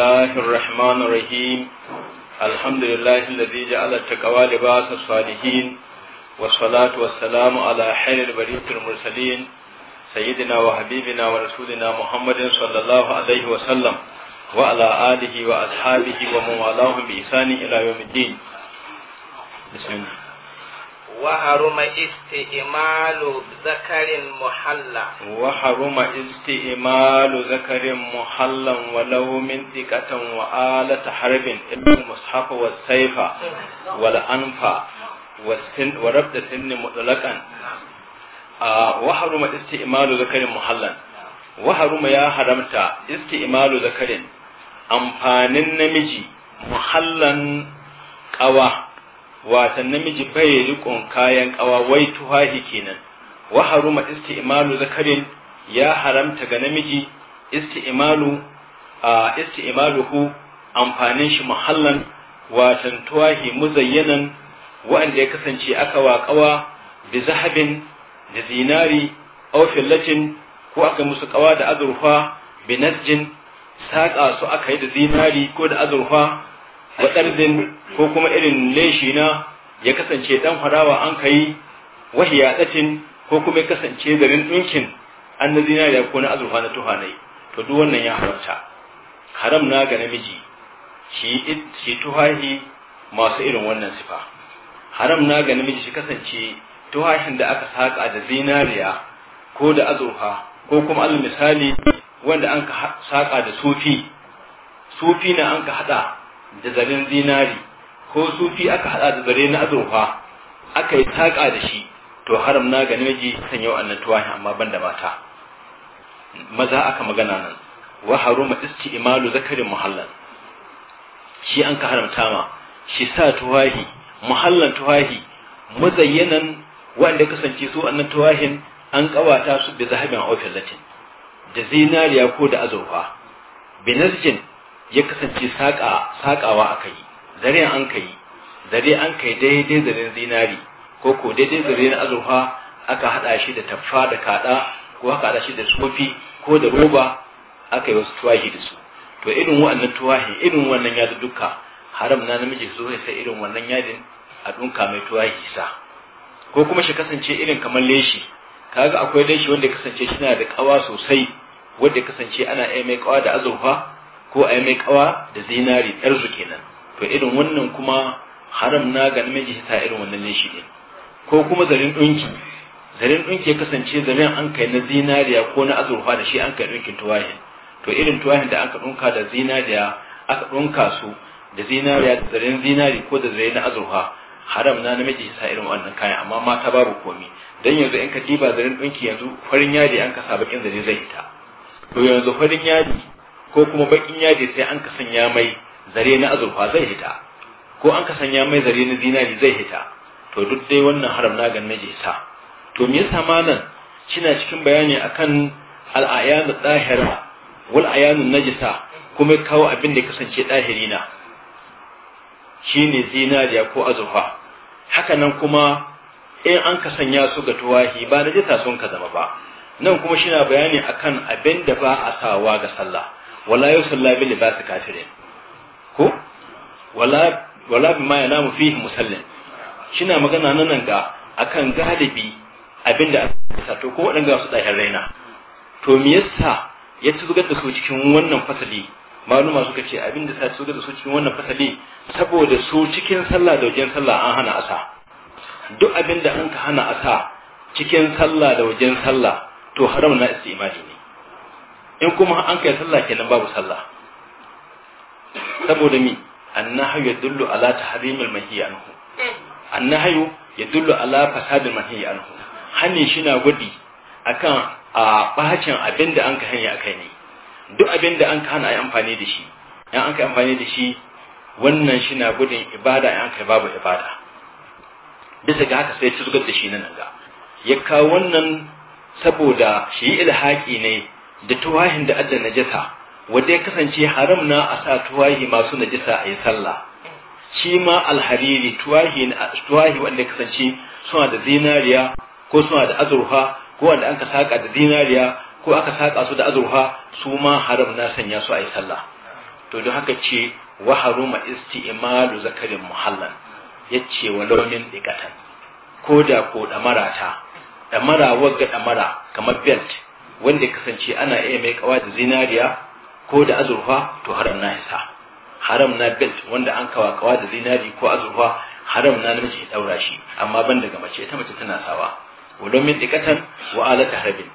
الله الرحمن الرحيم الحمد لله الذي جعل التقوى لباس الصالحين والصلاة والسلام على خير البرية المرسلين سيدنا وحبيبنا ورسولنا محمد صلى الله عليه وسلم وعلى آله وأصحابه ومن والاهم بإحسان إلى يوم الدين بسم الله وحرم استعمال ذكر محلى وحرم استعمال ذكر محلى ولو من ثقة وآلة حرب المصحف والسيف والأنف والسن وربط السن مطلقا وحرم استعمال ذكر محلى وحرم يا حرمت استعمال ذكر amfanin namiji muhallan ƙawa watan namiji bai riƙon kayan ƙawa wai tuhahi kenan wa haruma isti'malu zakarin ya haramta ga namiji isti'malu a isti'maluhu amfanin shi muhallan watan tuwahi muzayyanan wanda ya kasance aka waƙawa bi zahabin da zinari aw fillatin ko aka musu ƙawa da azurfa bi nasjin saƙa su aka yi da zinari ko da azurfa wa ko kuma irin leshi na ya kasance ɗan harawa an kai wahiya ɗatin ko kuma ya kasance garin ɗinkin an na zinariya ko na azurfa na tuhanai to duk wannan ya haramta haram na ga namiji shi tuhahi masu irin wannan sifa haram na ga namiji shi kasance tuhahin da aka saƙa da zinariya ko da azurfa ko kuma al misali wanda an ka saƙa da sufi sufi na an ka haɗa da zaren zinari ko sufi aka haɗa da zare na azurfa aka yi taƙa da shi to haram na ga namiji sanya wa'annan tuwahin amma ban da mata maza aka magana nan wa haruma Imalu, zakarin muhallan shi an ka haramta ma shi sa tuwahi muhallan tuwahi muzayyanan wanda kasance su annan tuwahin an kawata su da zahabin ofin latin da zinariya ko da azurfa binasjin ya kasance sakawa a kai zare an kai zare an kai daidai zaren zinari ko ko daidai zare na azurfa aka haɗa shi da taffa da kaɗa ko aka hada shi da sofi ko da roba aka yi wasu tuwahi da su to irin wannan tuwahi irin wannan yadin duka haram na namiji su sai irin wannan yadin a dunka mai tuwahi sa ko kuma shi kasance irin kamar leshi kaga akwai leshi wanda kasance shi na da kawa sosai wanda kasance ana iya mai kawa da azurfa ko a yi mai kawa da zinari ɗarsu kenan to irin wannan kuma haram na ga namiji ta irin wannan ne shi ne ko kuma zarin ɗunki zarin ɗunki ya kasance zarin an kai na zinariya ko na azurfa da shi an kai ɗunkin tuwahin to irin tuwahin da aka ɗunka da zinariya aka ɗunka su da zinariya da zarin zinari ko da zarin na azurfa haram na namiji sa irin wannan kayan amma mata babu komi dan yanzu in ka diba zarin ɗunki yanzu farin yadi an ka sa bakin zare zai ta to yanzu farin yadi ko kuma bakin yaji sai an ka sanya mai zare na azurfa zai hita ko an ka sanya mai zare na zinari zai hita to duk dai wannan haram na gan naje sa to me yasa malam kina cikin bayani akan al-ayanu dahira wal ayanu najisa kuma kawo abin da kasance dahiri na shine zinari ko azurfa haka nan kuma in an ka sanya su ga tuwahi ba najisa sun ka zama ba nan kuma shina bayani akan abin da ba a sawa ga sallah wala yusalla bil libas kafirin ko wala wala bima yanamu fihi musallin shina magana nan ga akan galibi abinda aka sato ko wadanga su dahin raina to me yasa ya zuga da su cikin wannan fasali maluma suka ce abinda sa zuga da su cikin wannan fasali saboda su cikin sallah da wajen sallah an hana asa duk abinda an ka hana asa cikin sallah da wajen sallah to haram na istimali ne in kuma an kai sallah kenan babu sallah saboda mi annahu yadullu ala tahrimil manhi anhu annahu yadullu ala fasadil manhi anhu hani shi na gudi akan a bacin abinda an ka hanya akai ne duk abinda an ka hana ai amfani da shi in an kai amfani da shi wannan shi na gudun ibada in an kai babu ibada bisa ga haka sai su zugar da shi nan ga ya kawo wannan saboda shi ilhaki ne da tuwahin da adda najasa wanda ya kasance haram na a sa tuwahi masu najasa a yi sallah shi ma alhariri tuwahi tuwahi wanda ya kasance suna da zinariya ko suna da azurfa ko wanda an ka saka da zinariya ko aka saka su da azurfa su ma haram na sanya su a yi sallah to don haka ce wa haruma isti'malu zakarin muhallan yace wa launin dikatan ko da ko da ta damara wagga damara kamar belt wanda ya kasance ana iya mai kawa da zinariya ko da azurfa to haram na isa haram na belt wanda an kawa kawa da zinari ko azurfa haram na namiji ya daura shi amma ban daga mace ita mace tana sawa wadon min dikatan wa alata harbin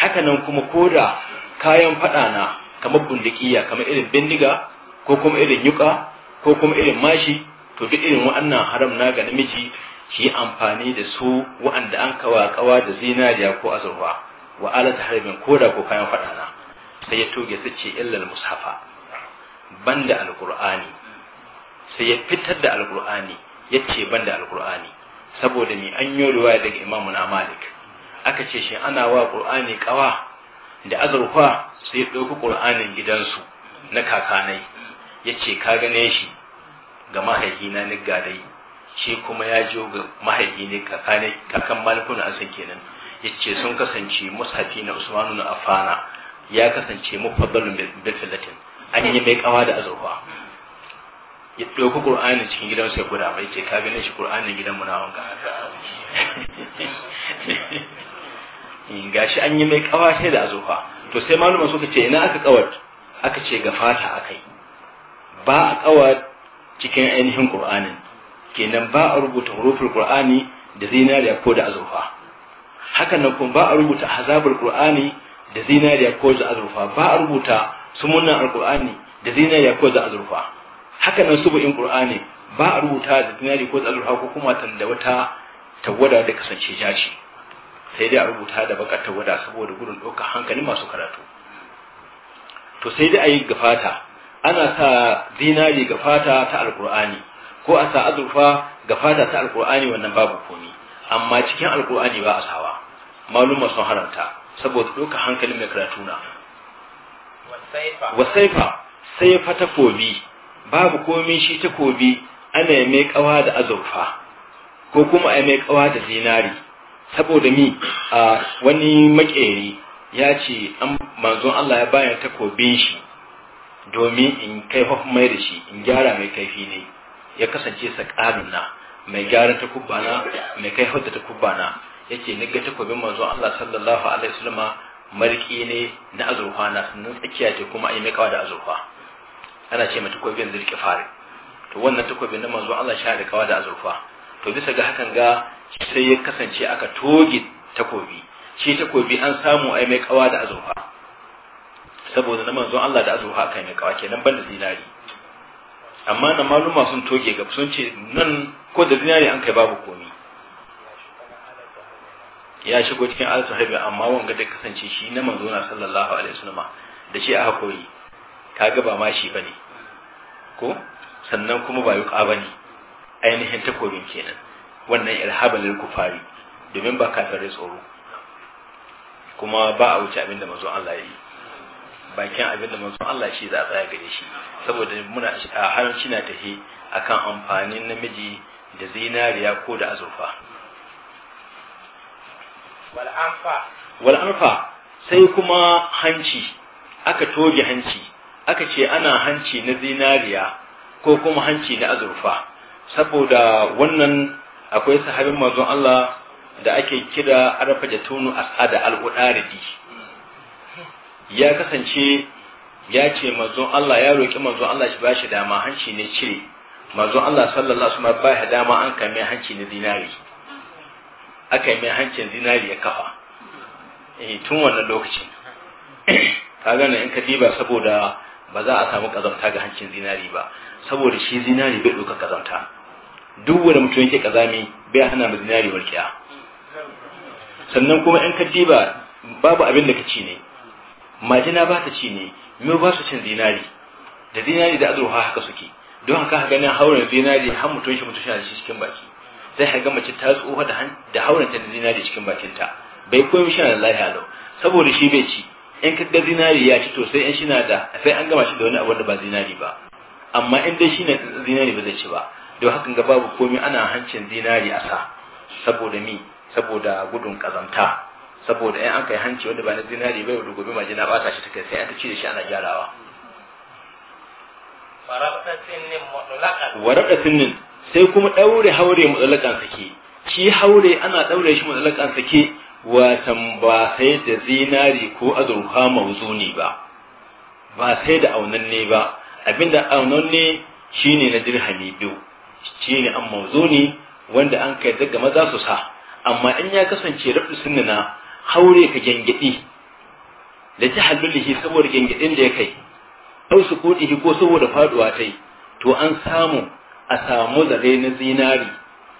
haka nan kuma ko da kayan fada na kamar bundikiya kamar irin bindiga ko kuma irin yuka ko kuma irin mashi to duk irin wa'annan haram na ga namiji shi amfani da su wa'anda an kawa kawa da zinariya ko azurfa wa alat harbin koda ko kayan na, sai ya toge su ce illal mushafa banda alqur'ani sai ya fitar da alqur'ani yace banda alqur'ani saboda mai an yi ruwa daga imamu na malik aka ce shi ana wa qur'ani kawa da azurfa sai ya dauki qur'anin gidansu na kakanai yace ka gane shi ga mahaihina na gadai shi kuma ya jo ga mahaifi kakanai, kakan malikuna asan kenan yace sun kasance mushafi na Usman ibn Affana ya kasance mufaddalun bil filatin an yi mai kawa da azurfa ya ɗauki ƙur'ani cikin gidan sai guda mai ce ka gane shi ƙur'anin gidan mu na wanka eh, gashi an yi mai kawa sai da azurfa to sai malumin suka ce ina aka kawar aka ce ga fata akai ba a kawar cikin ainihin ƙur'anin kenan ba a rubuta hurufin ƙur'ani da zinariya ko da azurfa hakan nan kuma ba a rubuta azabul qur'ani da zinariya ko da azurfa ba a rubuta sumunan alqur'ani da zinariya ko da azurfa hakan nan subu'in qur'ani ba a rubuta da zinari ko da azurfa ko kuma da wata tawada da kasance jashi sai dai a rubuta da bakar tawada saboda gudun doka hankali masu karatu to sai dai a yi gafata ana sa zinari gafata ta alqur'ani ko a sa azurfa gafata ta alqur'ani wannan babu komi amma cikin alqur'ani ba a sawa maluma sun haramta saboda ɗauka hankalin mai karatu na wasaifa sai fa takobi babu komin shi takobi ana mai kawa da azurfa ko kuma a mai kawa da zinari saboda mi a wani makeri ya ce an manzon Allah ya bayan takobin shi domin in kai mai da shi in gyara mai kaifi ne ya kasance sa ƙarin na mai gyaran takubana mai kai da na. yace ni ga takobin manzo Allah sallallahu alaihi wasallama marki ne na azurfa na sunan tsakiya ce kuma ai mai kawa da azurfa ana ce mai takobin zirki fari to wannan takobin na manzo Allah shi da kawa da azurfa to bisa ga hakan ga sai ya kasance aka toge takobi shi takobi an samu ai mai kawa da azurfa saboda na manzo Allah da azurfa kai mai kawa kenan banda zinari amma na maluma sun toge ga sun ce nan ko da zinari an kai babu komi ya shigo cikin al sahabi amma wanga da kasance shi na manzo na sallallahu alaihi wasallam da shi aka koyi kaga ba ma shi bane ko sannan kuma ba yuka bane ainihin takobin kenan wannan irhaba kufari domin ba kafirai tsoro kuma ba a wuce abin da manzo Allah ya yi bakin abin da Allah shi za a tsaya gare shi saboda muna a harin na tafi akan amfanin namiji da zinariya ko da azurfa wal'anfa sai kuma hanci aka toge hanci aka ce ana hanci na zinariya ko kuma hanci na azurfa saboda wannan akwai sahabin mazun Allah da ake kira arfa da tunu as'ada al'udaridi ya kasance ya ce mazun Allah ya roki mazun Allah shi bashi dama hanci ne cire mazun Allah sallallahu alaihi wasallam ba dama an kame hanci na zinari aka yi mai hancin zinari ya kafa eh, tun wannan lokacin ka gane in ka diba saboda ba za a samu kazamta ga hancin zinari ba saboda shi zinari bai ɗauka kazamta duk wanda mutum yake kazami bai hana mu zinari kiya sannan kuma in ka diba babu abin da ka ci ne majina ba ta ci ne miyo ba su cin zinari da zinari da azurfa haka suke don haka haka ganin hauren zinari har mutum shi mutum shi cikin baki sai ga mace ta tsoho da da hauren ta zinari cikin bakinta bai koyi shi na lafiya lau saboda shi bai ci in ka ga zinari ya ci to sai in shi da sai an gama shi da wani abu da ba zinari ba amma in dai shi na zinari ba zai ci ba don hakan ga babu komai ana hancin zinari a sa saboda mi saboda gudun kazanta saboda in an kai hanci wanda ba na zinari bai wanda gobe majina bata shi ta kai sai an ta ci da shi ana gyarawa warabta sai kuma ɗaure haure mutsalakan sake shi haure ana ɗaure shi mutsalakan sake watan ba sai da zinari ko azurfa ne ba ba sai da aunanne ba abinda aunanne shine na dirhami biyu shine an ne wanda an kai daga maza su sa amma in ya kasance rabu sunna haure ka gengedi da ta hallulihi saboda gengedin da ya kai ɗau su ko saboda faduwa tai to an samu a samu zare na zinari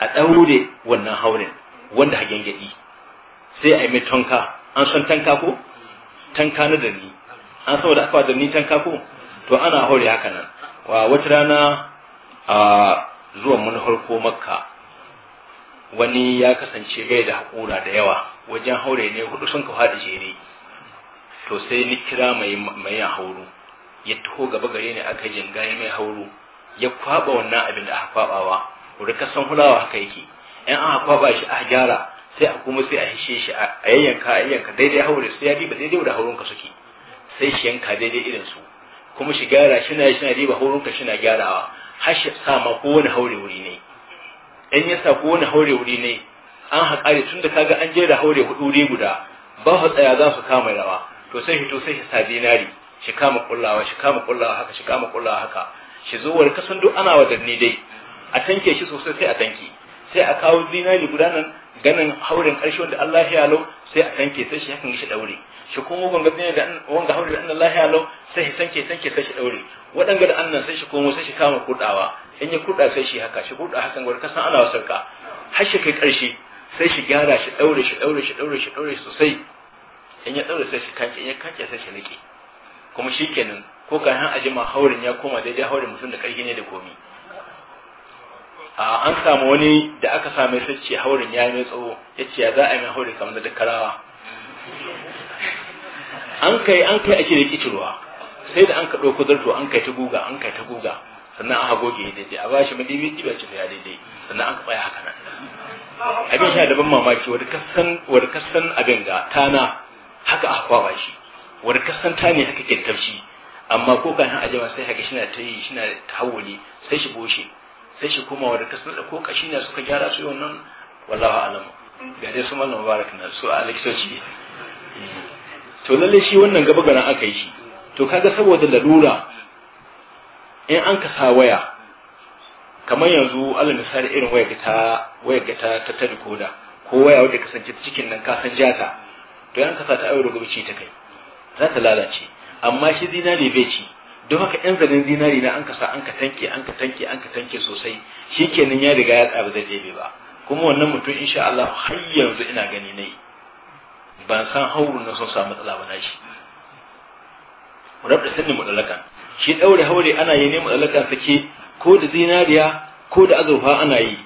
a ɗaure wannan haurin wanda hagen gyaɗi sai a yi mai tanka an san tanka ko tanka na ni an saboda aka da ni tanka ko to ana haure haka nan wa wata rana a zuwan mun harko makka wani ya kasance bai da haƙura da yawa wajen haure ne hudu sun kawo da jere to sai ni kira mai mai hauro ya taho gaba gare ni aka jinga mai hauro ya kwaba wannan abin da aka kwabawa rika san hulawa haka yake in aka kwaba shi a gyara sai a kuma sai a hishe shi a yayyanka a yayyanka daidai haure sai ya riba daidai da haurunka suke sai shi yanka daidai irin su kuma shi gyara shi na shi na riba haurunka shi na gyarawa har shi sa ma ko wani haure wuri ne in ya sa ko wani haure wuri ne an haƙari tun da kaga an jera haure hudu guda ba su tsaya za su kama rawa to sai hito sai shi sa dinari shi kama kullawa shi kama kullawa haka shi kama kullawa haka shi zo warka san duk ana wadanni dai a tanke shi sosai sai a tanke sai a kawo zinari guda nan ganin haurin karshe wanda Allah ya lau sai a tanke sai shi hakan shi daure shi kuma wanga zinari da wanga haurin da Allah ya lau sai shi tanke tanke sai shi daure wadanga da annan sai shi komo sai shi kama kudawa in ya kuda sai shi haka shi kuda hakan warka san ana wasarka har shi kai karshe sai shi gyara shi daure shi daure shi daure shi daure sosai in ya daure sai shi kanke in ya kanke sai shi nike kuma shikenan ko ka yan ajima haurin ya koma daidai haurin mutum da karfi ne da komi an samu wani da aka same sai ce haurin ya yi mai tsawo ya ce ya za a yi mai haurin kamar da karawa an kai an kai ake da kicirwa sai da an ka ɗauko zarto an kai ta guga an kai ta guga sannan aka goge ya daidai a bashi madibi ɗiba ci ya daidai sannan an ka tsaya haka nan abin sha daban mamaki wadda kasan abin ga tana haka aka kwaba shi wadda kasan tani haka kyautar tafshi amma ko kan a jama sai haka shi na ta yi shi na sai shi boshe sai shi koma da kasu da ko kashi ne suka gyara su wannan wallahu alam ga dai su mallam mubarak na su a likitoci to lalle shi wannan gaba garan aka yi shi to kaga saboda lalura in an ka sa waya kamar yanzu alal misali irin waya ta waya ta ta ta koda ko waya wadda kasance cikin nan ka san jata to yan ka sa ta aure gobe ce ta kai za ta lalace amma shi zinari bai ci don haka yan zanen zinari na an ka sa an ka tanke an ka tanke an ka tanke sosai shikenan ya riga ya tsaba da jebe ba kuma wannan mutum insha Allah har yanzu ina gani nai ban san hauru na son samu matsala ba na shi rabda sanni shi daure haure ana yi ne mudalakan sake ko da zinariya ko da azurfa ana yi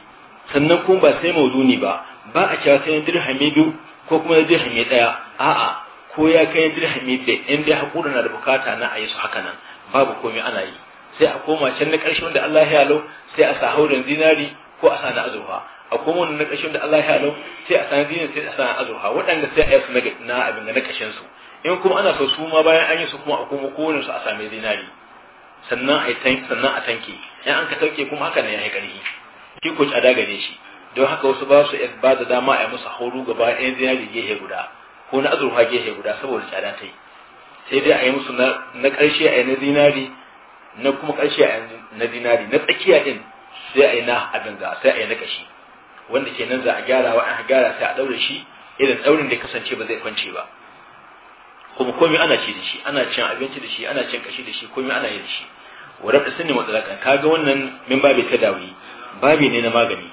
sannan kuma ba sai mauduni ba ba a cewa sai dirhami biyu ko kuma dirhami daya a'a ko ya kai dirhami da in dai haƙura na da bukata na a yi su haka nan babu komai ana yi sai a koma can na ƙarshe wanda Allah ya halo sai a sa hauren zinari ko a sa na azurfa a koma wani na ƙarshe wanda Allah ya halo sai a sa na zinari sai a sa na azurfa waɗanda sai a yi su na abin da na ƙarshen su in kuma ana so su ma bayan an yi su kuma a koma kowane su a mai zinari sannan a yi sannan a tanke in an ka tauke kuma haka ne ya yi ƙarfi shi ko tsada ne shi don haka wasu ba su ba da dama a yi musu hauru gaba ɗayan zinari gehe guda ko na azurfa gehe guda saboda tsada ta yi sai dai a yi musu na ƙarshe a yi na zinari na kuma ƙarshe a yi na zinari na tsakiya din sai a yi na abin ga sai a yi na ƙashi wanda ke nan za a gyara wa an gyara sai a ɗaure shi irin ɗaurin da kasance ba zai kwance ba kuma komai ana ci da shi ana cin abinci da shi ana cin ƙashi da shi komai ana yi da shi warar da sani matsalakan kaga wannan min babi ta dawi babi ne na magani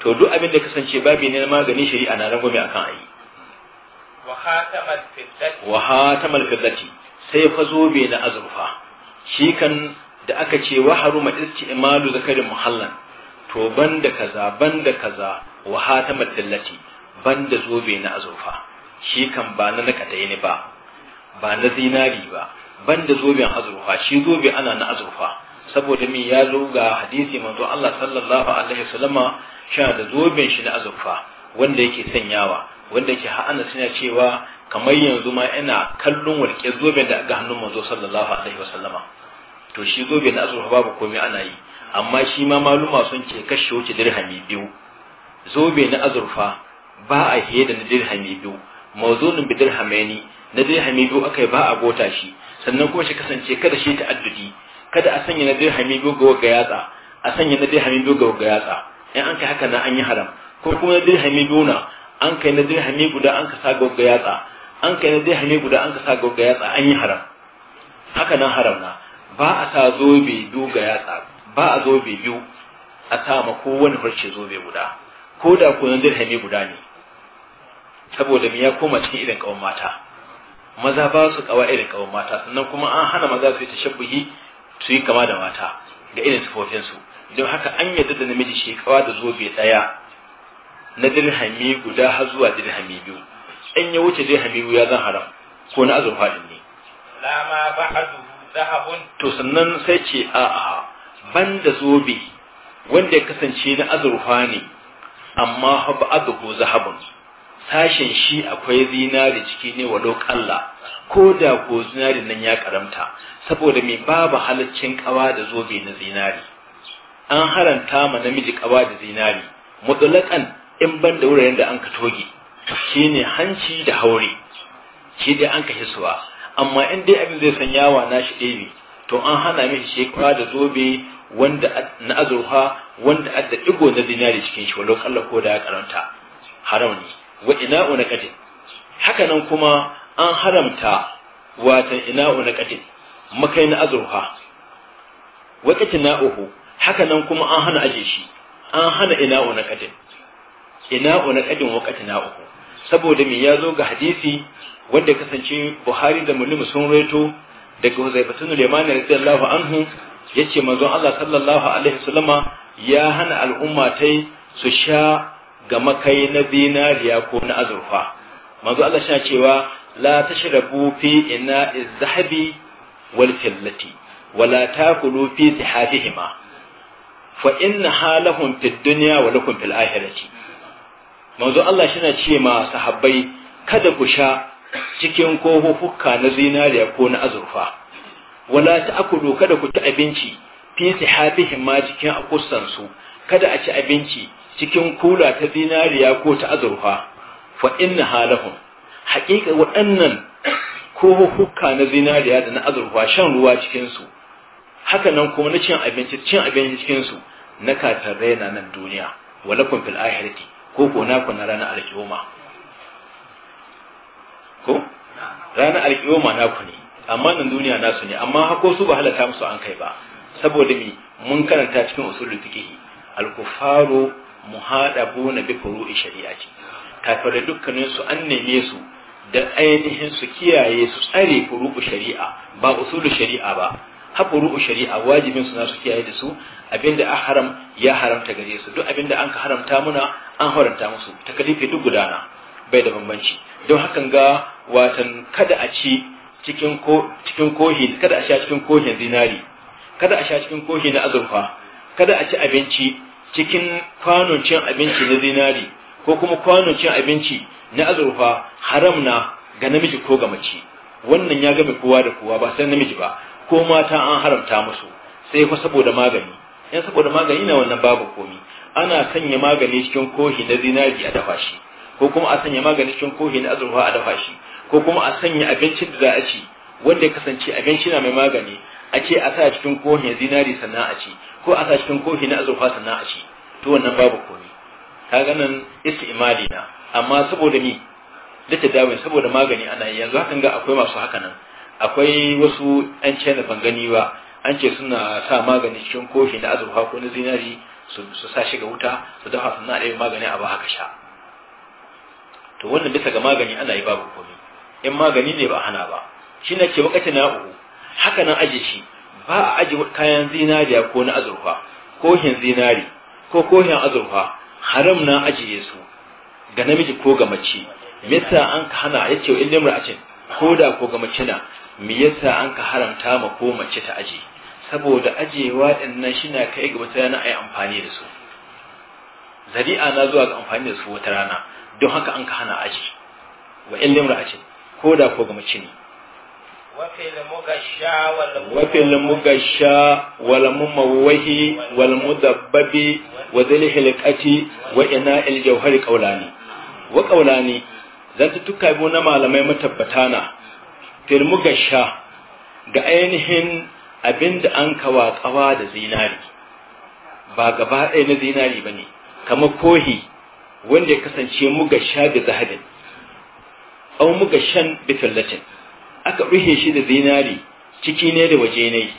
to duk abin da kasance babi ne na magani shari'a na rangwame akan ayi wa khatamal fiddati sai fa zobe na azurfa shi kan da aka ce wa haruma Isci-Imalu zakarin muhallan to banda kaza banda kaza wa khatamal dillati banda zobe na azurfa shi kan ba na dai ne ba ba na zinari ba banda zobe azurfa shi zobe ana na azurfa saboda min ya zo ga hadisi manzo Allah sallallahu alaihi wasallama sha da zoben shi na azurfa wanda yake sanyawa wanda yake ha'ana suna cewa kamar yanzu ma ina kallon walƙe zobe da ga hannun manzo sallallahu alaihi wa sallama to shi zobe na azurfa babu komai ana yi amma shi ma maluma sun ce kashe wuce dirhami biyu zobe na azurfa ba a hiye da na dirhami biyu mawzunin bi dirhamaini na dirhami biyu akai ba a gota shi sannan kuma shi kasance kada shi ta'addudi kada a sanya na dirhami biyu ga waga yatsa a sanya na dirhami biyu ga waga yatsa in an kai haka na an yi haram ko kuma na dirhami biyu na an kai na dirhami guda an ka sa ga yatsa an kai na dirhami guda an ka sa ga yatsa an yi haram haka nan haram na ba a sa zobe biyu ga yatsa ba a zobe biyu a sa ma kowane farce zobe guda ko da ko na dirhami guda ne saboda me ya koma cikin irin kawan mata maza ba su kawa irin kawan mata sannan kuma an hana maza su yi tashabbuhi su yi kama da mata ga irin sifofinsu don haka an yadda da namiji shi da zobe daya na dirhami guda har zuwa dirhami biyu in ya wuce dirhami biyu ya zan haram ko na azurfa fadin ne lama ba'adu zahabun to sannan sai ce a'a banda zobe wanda ya kasance na azurfa ne amma fa ba'adu zahabun sashen shi akwai zinari ciki ne wa lokalla ko da ko zinari nan ya karamta saboda mai babu halaccin kawa da zobe na zinari an haranta ma namiji kawa da zinari mutulakan in ban da wuraren da an ka toge shi ne hanci da haure shi dai an ka hisuwa amma in dai abin zai san yawa na shi ɗebe to an hana mishi shekara da zobe wanda na azurfa wanda adda ɗigo na dinari cikin shi walau kalla ko da ya karanta haram ne wa ina una kadin haka nan kuma an haramta watan ina una kadin makai na azurfa wa uhu haka nan kuma an hana aje shi an hana ina una kadin Ina una kadin wakati uku saboda me ya zo ga hadisi wanda kasance Buhari da Muslim sun raito daga Huzaifatun Liman radiyallahu anhu yace manzon Allah sallallahu alaihi wasallama ya hana al'umma tai su sha ga makai na zinariya ko na azurfa manzo Allah shi cewa la tashrabu fi ina zahabi wal fillati wala takulu fi sihafihima fa inna halahum fid dunya wa lakum fil akhirati manzo Allah shi na ce ma sahabbai kada ku sha cikin kohuhukka na zinariya ko na azurfa wala ta do kada ku ci abinci fi sihabihim ma cikin akussan su kada a ci abinci cikin kula ta zinariya ko ta azurfa fa inna halahum haƙiƙa waɗannan kohuhukka na zinariya da na azurfa shan ruwa cikin su haka nan kuma na cin abinci cin abinci cikin su na katarrai na nan duniya walakum fil ahirati ko ko naku na ranar alkiyoma ko ranar alkiyoma ne amma nan duniya na su ne amma hako su ba halaka musu an kai ba saboda mi mun karanta cikin usulul fiqh al-kuffaru muhadabuna bi furu'i shari'ati kafare dukkanin su an neme su da ainihin su kiyaye su tsare furu'u shari'a ba usulul shari'a ba haɓuru shari'a wajibin suna su kiyaye da su abinda a haram ya haramta gare su duk abinda an ka haramta muna an haramta musu takalifi duk gudana bai da bambanci don hakan ga watan kada a ci cikin ko cikin kohi kada a sha cikin kohin zinari kada a sha cikin kohi na azurfa kada a ci abinci cikin kwanon cin abinci na zinari ko kuma kwanon cin abinci na azurfa haram na ga namiji ko ga mace wannan ya game kowa da kowa ba sai namiji ba ko mata an haramta musu sai fa saboda magani yan saboda magani na wannan babu komi ana sanya magani cikin kohi na zinari a dafa shi ko kuma a sanya magani cikin kohi na azurfa a dafa shi ko kuma a sanya abincin da za a ci wanda ya kasance abinci na mai magani a ce a sa cikin kohi na zinari sannan a ci ko a sa cikin kohi na azurfa sannan a ci to wannan babu komi ga nan imali na amma saboda ni da dawo saboda magani ana yanzu hakan ga akwai masu haka nan akwai wasu yan ce ban gani ba an ce suna sa magani cikin kofi na azurfa ko na zinari su sa shi ga wuta su dafa su na ɗaya magani a ba haka sha to wannan bisa ga magani ana yi babu komai in magani ne ba hana ba shi na ce wakati na uku haka nan aje shi ba a aje kayan zinariya ko na azurfa kohin zinari ko kohin azurfa haram na ajiye su ga namiji ko ga mace mista an hana ya ce in limra ko da ko ga mace na me yasa an ka haramta ma ko mace ta aje saboda ajewa din nan shi na kai ga wata rana a yi amfani da su zari'a na zuwa ga amfani da su wata rana don haka an ka hana aji wa in limra'atin ko da ko ga mace ne wafil mugasha wal mumawwahi wal mudabbabi wa dhil hilqati wa ina al jawhari qawlani wa qawlani zan bi na malamai matabbata na Firmu ga ainihin abin da an kawa kawa da zinari ba gaba ɗaya na zinari ba ne kama kohi wanda ya kasance mugasha da zahadin au mugashan bifillatin aka rufe shi da zinari ciki ne da waje ne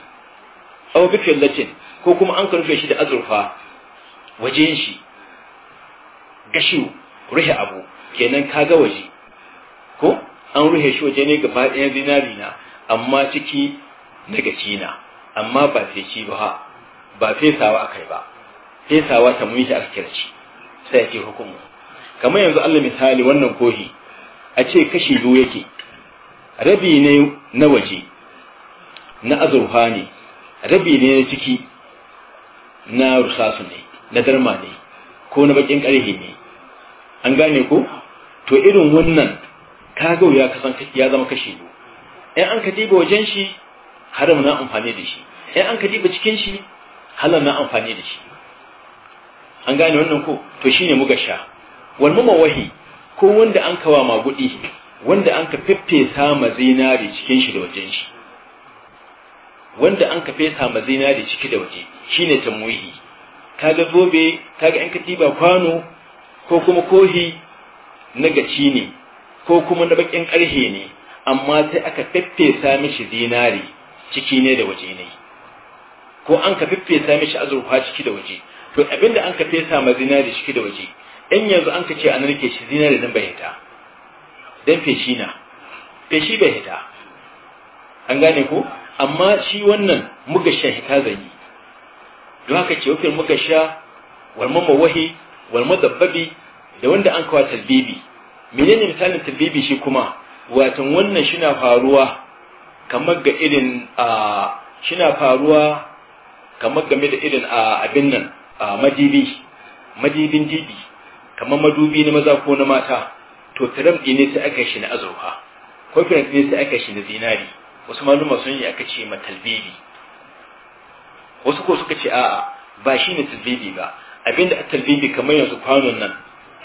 au bifillatin ko kuma an ka rufe shi da azurfa waje shi gashi rufe abu kenan kaga waje ko an ruhe shi waje ne gaba ɗayan zinari na amma ciki na gaci na amma ba feci ba ba fesawa akai ba fesawa ta mun shi aka sai ake hukumu kamar yanzu Allah misali wannan kohi a ce kashi biyu yake rabi ne na waje na azurfa ne rabi ne na ciki na rusasu ne na darma ne ko na bakin karhe ne an gane ko to irin wannan kaga ya kasan ya zama kashi biyu in an ka diba wajen shi haram na amfani da shi in an ka diba cikin shi halal na amfani da shi an gane wannan ko to shine muga sha wal wahi, ko wanda an kawa magudi wanda an ka feffesa ma zinari cikin shi da wajen shi wanda an ka fesa ma zinari ciki da waje shine tamuhi ga zobe ga an katiba kwano ko kuma kohi na gaci ne ko kuma na bakin ƙarhe ne amma sai aka feffesa mishi zinari ciki ne da waje ne ko an ka feffesa mishi azurfa ciki da waje to abinda an ka fesa ma zinari ciki da waje in yanzu an ka ce an rike shi zinari nan bai hita dan feshi na feshi bai hita an gane ko amma shi wannan muka sha hita zanyi don haka ce wakil muka sha walmama wahi walmadabbabi da wanda an kawo talbibi menene misalin tilbibi shi kuma watan wannan shina faruwa kamar ga irin a shina faruwa kamar game da irin a abin nan a madibi madibin dibi kamar madubi na maza ko na mata to tiram ne sai aka shi na azurfa kofin ne sai aka shi na zinari wasu maluma sun yi aka ce ma talbibi wasu ko suka ce a'a ba shi ne talbibi ba abinda a talbibi kamar yanzu kwanon nan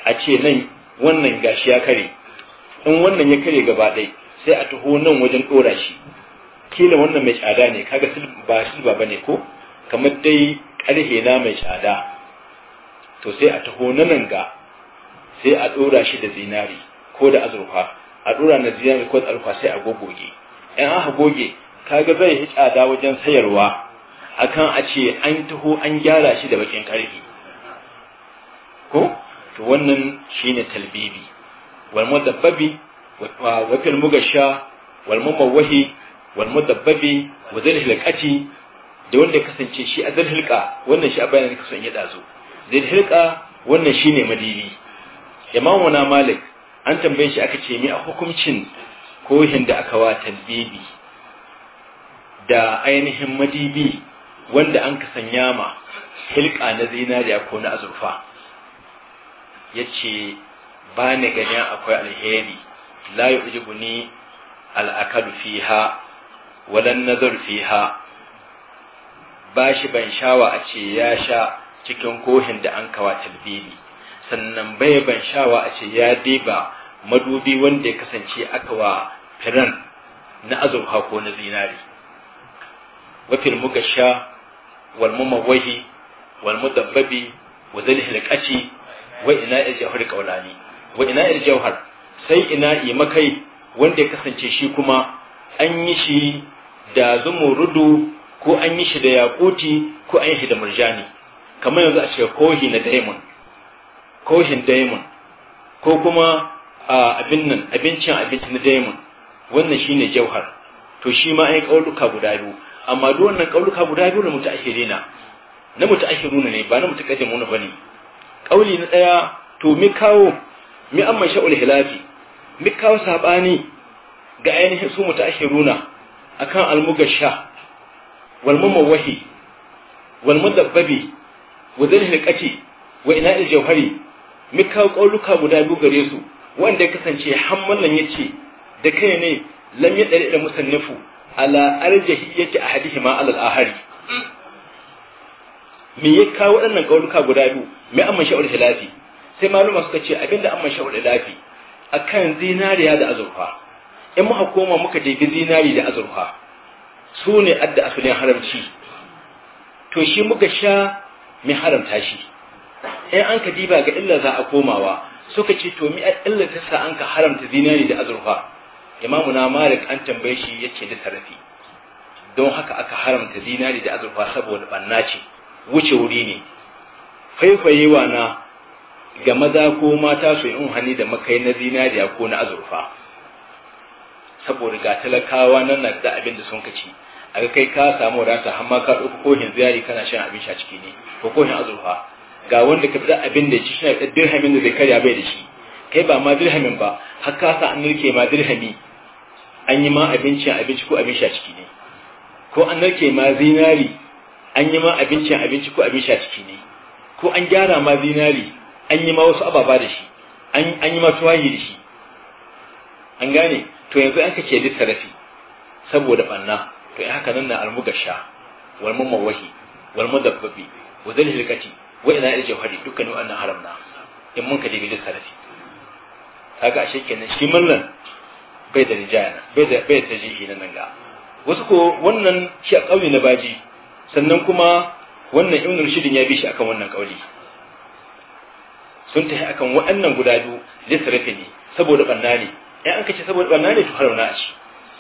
a ce nan wannan gashi ya kare in wannan ya kare gaba ɗai sai a taho nan wajen ɗora shi kila wannan mai tsada ne kaga ba silba ba ne ko kamar dai ƙarhe na mai tsada to sai a taho nan ga sai a ɗora shi da zinari ko da azurfa a ɗora na zinari ko da azurfa sai a goge. in aka goge kaga zai yi tsada wajen sayarwa akan a ce an taho an gyara shi da bakin ƙarfi ko to wannan shine talbibi wal mudabbabi wa fil mugasha wal mumawahi wal mudabbabi wa zal hilqati da wanda kasance shi a zal hilqa wannan shi a bayanin in ya dazo zal hilqa wannan shine madibi imamu na malik an tambaye shi aka ce mi a hukuncin kohin da aka wa talbibi da ainihin madibi wanda an ka sanya ma hilka na zinariya ko na azurfa yace ba ni ganin akwai alheri la yu'jibuni al'akalu fiha walan nazar fiha ba shi ban shawa a ce ya sha cikin kohin da an kawa talbini sannan bai ban shawa a ce ya diba madubi wanda ya kasance aka wa firan na azurfa ko na zinari wafil sha wal mawahi wal mudabbabi wa zalihil kaci. wa ina je jawhar qaulani wa ina il jawhar sai ina yi makai wanda ya kasance shi kuma an yi shi da zumurudu ko an yi shi da yakuti ko an yi shi da murjani kamar yanzu a ce kohi na diamond kohin diamond ko kuma abin nan abincin abinci na diamond wannan shine jauhar to shi ma an kauluka guda biyu amma duk wannan kauluka guda biyu na mutaakhirina na mutaakhiruna ne ba na mutaqaddimuna bane Kauli na ɗaya to mi kawo mi amma sha'ul hilafi mi kawo saɓani ga ainihin su mutu akan runa a kan almugasha mudabbabi wa wazin hilkaci wa ina jawhari mi kawo ƙauluka guda biyu gare su wanda ya kasance hammalan ya da kai ne lam ya ɗari da musannifu ala arjahi yake a hadihi ma ahari me ya kawo waɗannan ƙaunuka guda biyu me amman sha'ul hilafi sai maluma suka ce abinda amman sha'ul hilafi akan zinariya da azurfa in muka koma muka je zinari da azurfa su ne adda asalin haramci to shi muka sha mai haramta shi in an ka diba ga illa za a komawa suka ce to mi illa ta sa an ka haramta zinari da azurfa imamu na malik an tambaye shi yake da tarafi don haka aka haramta zinari da azurfa saboda banna ce wuce wuri ne wa na ga maza ko mata su yi hannu da makai na zinariya ko na azurfa saboda ga talakawa nan na da abin da sun kaci a kai ka samu wadata amma ka ɗauka kohin ziyari kana shan abin sha ciki ne ko kohin azurfa ga wanda ka fi abin da shi shi da dirhamin da zai karya bai da shi kai ba ma dirhamin ba har ka sa an narke ma dirhami an yi ma abinci abinci ko abin sha ciki ne ko an narke ma zinari an yi ma abincin abinci ko abin sha ciki ne ko an gyara ma zinari an yi ma wasu ababa da shi an yi ma tuwahi da shi an gane to yanzu an kace lissarafi saboda banna to in haka nan na almugasha wal mumawahi wal mudabbabi wa zal hilkati wa ina il dukkan dukkanin wannan haramna in mun ka kaje bijin sarafi kaga ashe kenan shi mallan bai da rijaya bai da bai da jihi nan ga wasu ko wannan shi a kauye na baji sannan kuma wannan ibn rushidin ya bi shi akan wannan kauli sun tafi akan waɗannan guda biyu lisrafi ne saboda banna ne in an kace saboda banna ne to harauna a ci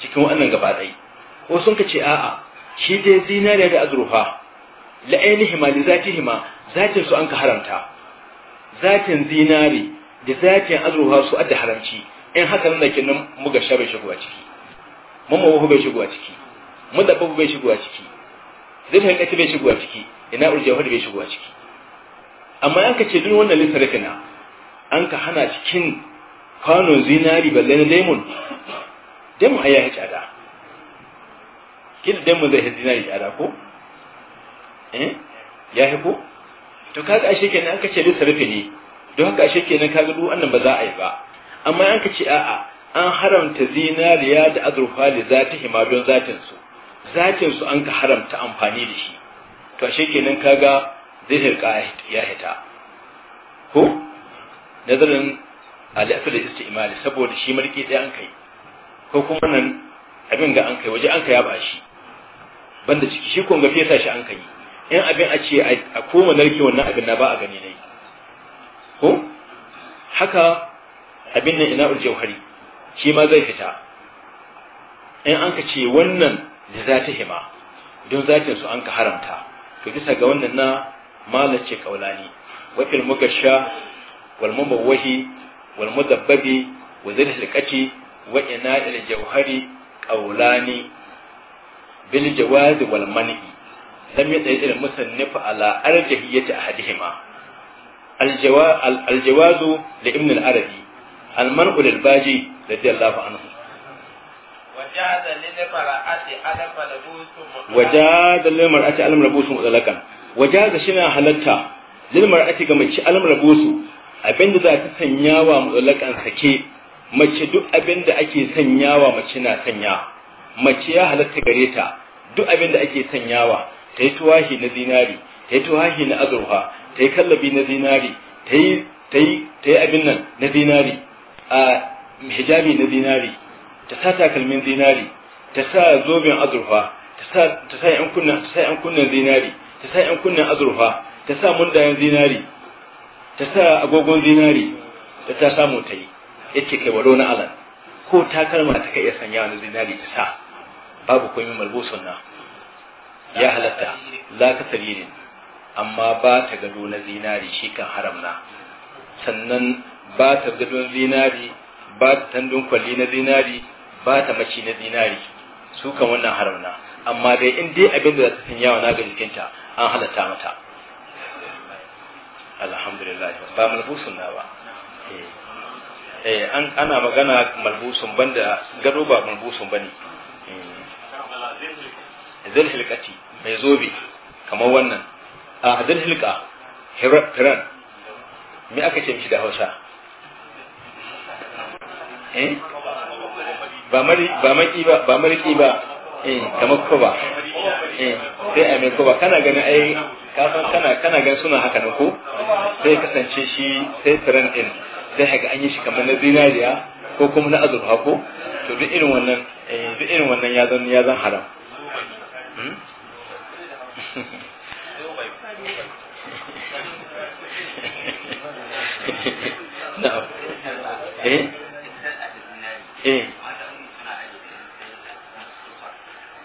cikin waɗannan gaba ɗaya ko sun kace a'a shi dai zinariya da azrufa la ainihima li ma zatin su an ka haramta zatin zinari da zatin azrufa su adda haramci in haka nan kenan muga shabe bai shigo a ciki mamawa bai shigo a ciki mudabbu bai shigo a ciki zai ta bai shigo a ciki ina da bai shigo a ciki amma an ka ce duk wannan littafin na an ka hana cikin kwanon zinari balle na lemon lemon ai ya tsada kila mu zai zinari tsada ko eh ya ko to kaga ashe kenan an ka ce littafin ne don haka ashe kenan kaga duk wannan ba za a yi ba amma an ka ce a'a an haramta zinariya da azurfa da zatihi hima don zatin su zakin su an ka haramta amfani da shi to ashe kenan kaga zihir ka ya hita ko nazarin al'asar da istimali saboda shi marki ɗaya an kai ko kuma nan abin ga an kai waje an kai ya bashi banda ciki shi kun ga fesa shi an kai in abin a ce a koma narke wannan abin na ba a gani ne ko haka abin nan ina uljauhari shi ma zai fita in an ka ce wannan da hima don zatin su an ka haramta to bisa ga wannan na malam ce kaulani wa fil mugasha wal mubawwahi wal mudabbabi wa zil hilqati wa ina'il jawhari kaulani bil jawazi wal mani lam yadai al musannif ala arjahiyyati a al jawazu li ibn al arabi al man'u lil baji radiyallahu anhu wajada lil mar'ati alam rabusu mutlaqan wajada shina halatta lil mar'ati ga mace alam rabusu abinda za ta sanyawa mutlaqan sake mace duk abinda ake sanyawa mace na sanya mace ya halarta gare ta duk abinda ake sanyawa ta yi tuwahi na zinari ta yi tuwahi na azurfa ta yi kallabi na zinari ta yi abin nan na zinari hijabi na zinari ta sa takalmin zinari ta sa zoben azurfa ta sa yan kunnen ta sa yan zinari ta sa yan kunnen azurfa ta sa mundayen zinari ta sa agogon zinari da ta samu ta yi yace kai waro na alan ko takalma ta kai iya sanya wani zinari ta sa babu komai malbusun na ya halatta la ka saririn amma ba ta gado na zinari shi kan haramna sannan ba ta gadon zinari ba ta tandun kwalli na zinari ba ta mace na zinari su kan wannan harauna amma dai in dai abin da za ta wa na ga jikinta an halatta mata alhamdulillah ba malbusun na ba eh, eh an ana magana malbusun banda gado ba malbusun bane eh. zil hilkati mai zobe kamar wannan a ah, zil hilka hiran me aka ce mishi da Hausa eh ba mari ba maki ba ba mariki ba eh kamar ko ba eh sai a mai ko ba kana ganin ai ka san kana kana ganin suna haka ne ko sai kasance shi sai tren din sai haka an yi shi kamar na zinariya ko kuma na azurfa ko to duk irin wannan eh duk irin wannan ya zan ya zan haram hmm? na'am eh eh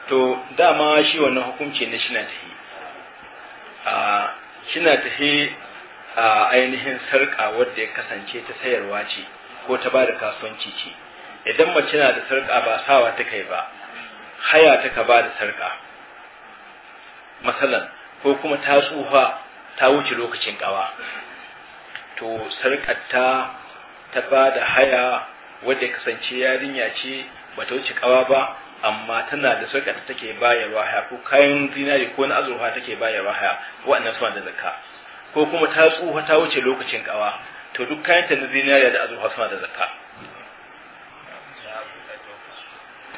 to dama shi wannan hukunci na shina tahi a shina tahi a ainihin sarka wadda ya kasance ta sayarwa ce ko ta bada kasuwanci ce idan mace na da sarka ba sawa ta kai ba haya ta ka bada sarka masalan ko kuma ta tsufa ta wuce lokacin kawa to sarkar ta ta bada haya ya kasance yarinya ce bata wuce kawa ba amma tana da sarƙa da take bayarwa haya ko kayan zinari ko na azurfa take bayarwa haya waɗannan suna da zakka ko kuma ta tsufa ta wuce lokacin kawa to duk kayan ta na zinari da azurfa suna da zakka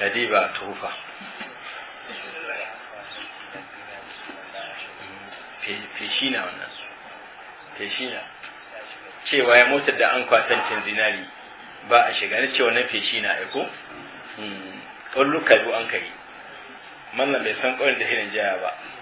a tufa feshi na wannan feshi na cewa ya motar da an kwatancin zinari ba a shiga ni cewa na feshi na aiko hmm. ka biyu an kai mallam bai san ƙaunin da hirin jaya ba